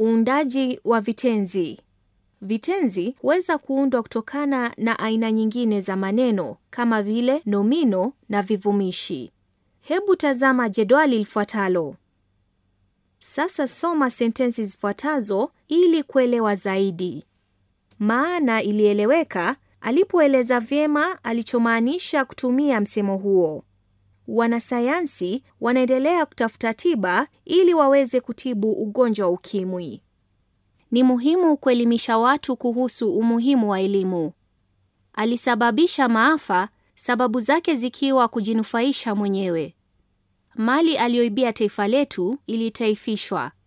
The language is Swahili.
Uundaji wa vitenzi. Vitenzi huweza kuundwa kutokana na aina nyingine za maneno kama vile nomino na vivumishi. Hebu tazama jedwali lifuatalo. Sasa soma sentensi zifuatazo ili kuelewa zaidi. Maana ilieleweka alipoeleza vyema alichomaanisha kutumia msemo huo wanasayansi wanaendelea kutafuta tiba ili waweze kutibu ugonjwa wa ukimwi. Ni muhimu kuelimisha watu kuhusu umuhimu wa elimu. Alisababisha maafa, sababu zake zikiwa kujinufaisha mwenyewe. Mali aliyoibia taifa letu ilitaifishwa.